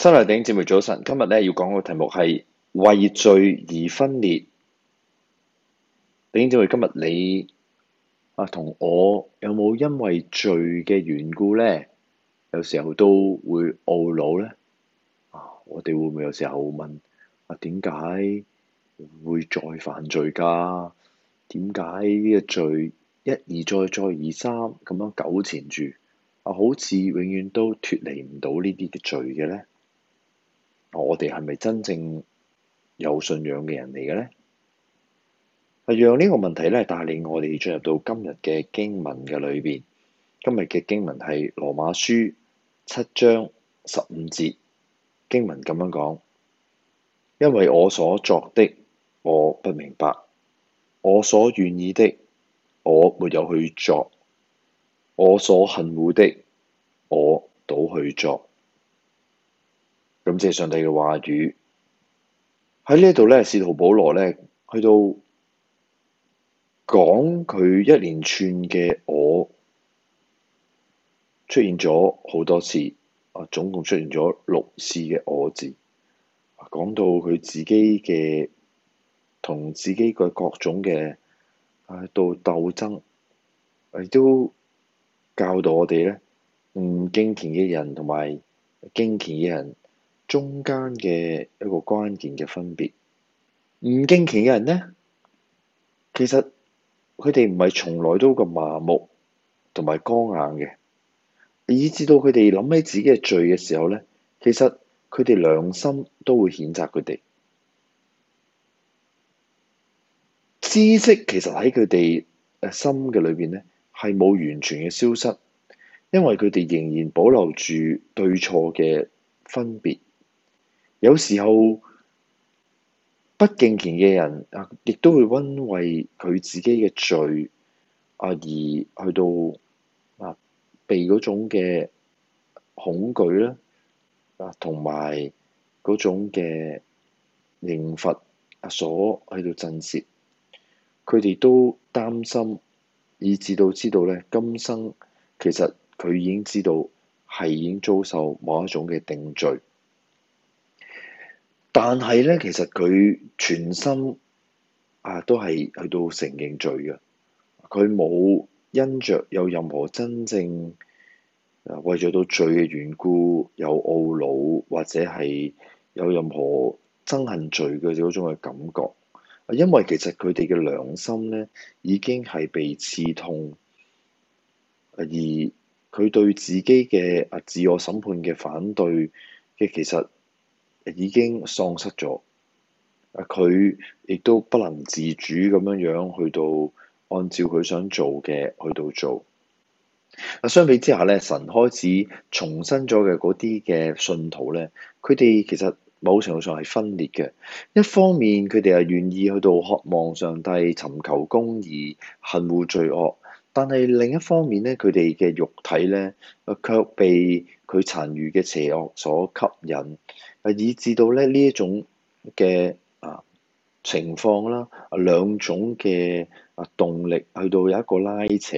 新嚟頂尖姐妹早晨，今日咧要講嘅題目係為罪而分裂。頂尖姐妹，今日你啊同我有冇因為罪嘅緣故咧，有時候都會懊惱咧啊！我哋會唔會有時候問啊？點解會再犯罪㗎？點解呢個罪一而再、再而三咁樣糾纏住啊？好似永遠都脫離唔到呢啲嘅罪嘅咧？我哋係咪真正有信仰嘅人嚟嘅咧？讓呢個問題咧帶領我哋進入到今日嘅經文嘅裏邊。今日嘅經文係羅馬書七章十五節經文咁樣講：因為我所作的我不明白，我所願意的我沒有去作，我所恨惡的我倒去作。感謝上帝嘅話語喺呢度咧，使徒保羅咧去到講佢一連串嘅我出現咗好多次，啊，總共出現咗六次嘅我字。講到佢自己嘅同自己嘅各種嘅啊，到鬥爭，亦都教導我哋咧，唔敬虔嘅人同埋敬虔嘅人。中間嘅一個關鍵嘅分別，唔敬虔嘅人呢，其實佢哋唔係從來都咁麻木同埋剛硬嘅，以至到佢哋諗起自己嘅罪嘅時候呢，其實佢哋良心都會譴責佢哋。知識其實喺佢哋心嘅裏邊呢，係冇完全嘅消失，因為佢哋仍然保留住對錯嘅分別。有時候不敬虔嘅人啊，亦都會因為佢自己嘅罪啊，而去到啊被嗰種嘅恐懼啦，啊，同埋嗰種嘅刑罰啊，所去到震懾，佢哋都擔心，以至到知道咧，今生其實佢已經知道係已經遭受某一種嘅定罪。但係咧，其實佢全心啊都係去到承認罪嘅，佢冇因着有任何真正啊為咗到罪嘅緣故有懊惱，或者係有任何憎恨罪嘅嗰種嘅感覺，啊。因為其實佢哋嘅良心咧已經係被刺痛，啊，而佢對自己嘅啊自我審判嘅反對嘅其實，已經喪失咗，佢亦都不能自主咁樣樣去到按照佢想做嘅去到做。那相比之下咧，神開始重生咗嘅嗰啲嘅信徒咧，佢哋其實某程度上係分裂嘅。一方面佢哋係願意去到渴望上帝，尋求公義，恨惡罪惡；但係另一方面咧，佢哋嘅肉體咧卻被佢殘餘嘅邪惡所吸引。係以致到咧呢一種嘅啊情況啦，兩種嘅啊動力去到有一個拉扯，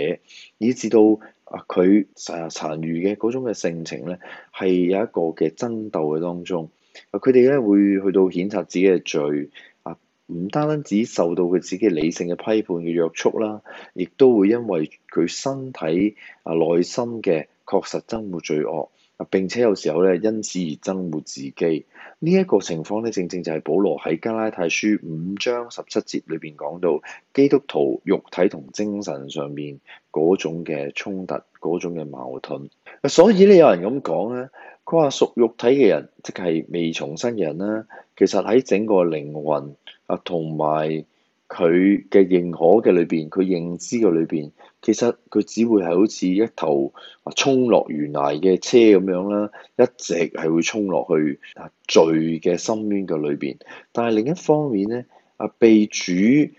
以致到啊佢啊殘餘嘅嗰種嘅性情咧係有一個嘅爭鬥嘅當中，啊佢哋咧會去到譴責自己嘅罪，啊唔單單止受到佢自己理性嘅批判嘅約束啦，亦都會因為佢身體啊內心嘅確實憎惡罪惡。啊！並且有時候咧，因此而憎惡自己呢一、這個情況咧，正正就係保羅喺加拉太書五章十七節裏邊講到基督徒肉體同精神上面嗰種嘅衝突，嗰種嘅矛盾。所以咧，有人咁講咧，佢話屬肉體嘅人，即係未重生嘅人啦。其實喺整個靈魂啊，同埋。佢嘅認可嘅裏邊，佢認知嘅裏邊，其實佢只會係好似一頭啊衝落懸崖嘅車咁樣啦，一直係會衝落去啊罪嘅深淵嘅裏邊裡面。但係另一方面咧，阿被主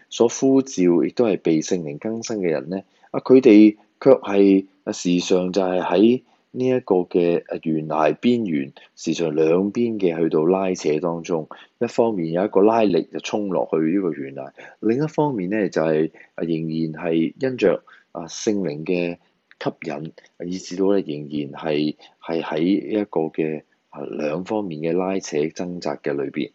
所呼召，亦都係被聖靈更新嘅人咧，啊佢哋卻係啊時常就係喺。呢一個嘅懸崖邊緣，是在兩邊嘅去到拉扯當中，一方面有一個拉力就衝落去呢個懸崖，另一方面咧就係、是、啊仍然係因着啊聖靈嘅吸引，以至到咧仍然係係喺一個嘅啊兩方面嘅拉扯掙扎嘅裏邊。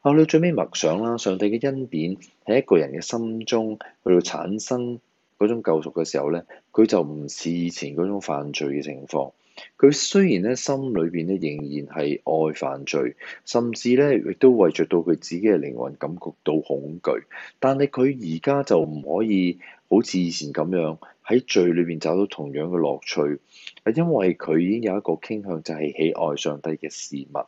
啊，到最尾默想啦，上帝嘅恩典喺一個人嘅心中去到產生。嗰種救贖嘅時候咧，佢就唔似以前嗰種犯罪嘅情況。佢雖然咧心裏邊咧仍然係愛犯罪，甚至咧亦都為着到佢自己嘅靈魂感覺到恐懼，但係佢而家就唔可以好似以前咁樣喺罪裏邊找到同樣嘅樂趣，因為佢已經有一個傾向就係喜愛上帝嘅事物。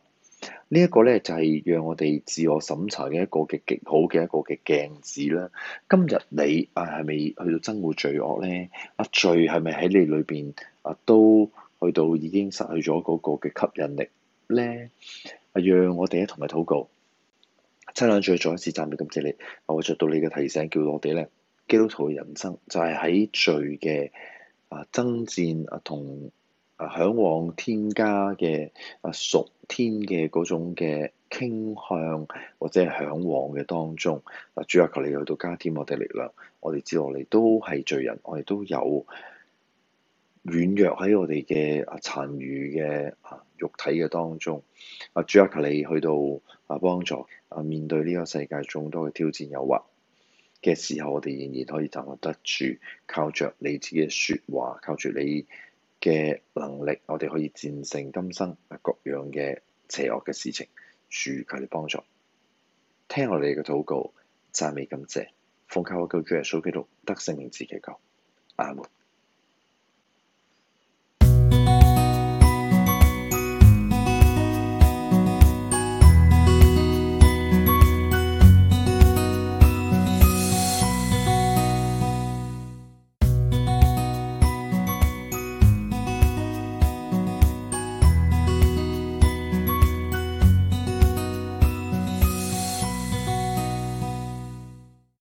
呢一個咧就係讓我哋自我審查嘅一個嘅極好嘅一個嘅鏡子啦。今日你啊係咪去到憎惡罪惡咧？啊罪係咪喺你裏邊啊都去到已經失去咗嗰個嘅吸引力咧？啊讓我哋一同埋禱告，親兩最再一次讚美，感謝你。我着到你嘅提醒，叫我哋咧基督徒嘅人生就係喺罪嘅啊爭戰啊同。啊，向往天家嘅啊，屬天嘅嗰種嘅傾向，或者係向往嘅當中，啊，主啊求你去到加添我哋力量，我哋知道我哋都係罪人，我哋都有軟弱喺我哋嘅啊殘餘嘅啊肉體嘅當中，啊，主啊求你去到啊幫助啊面對呢個世界眾多嘅挑戰誘惑嘅時候，我哋仍然可以站立得住，靠着你自己嘅説話，靠住你嘅能力，我哋可以戰勝今生各樣嘅邪惡嘅事情，主給你幫助，聽我哋嘅禱告，讚美感謝，奉靠我救主耶穌基督得勝名字祈求，阿門。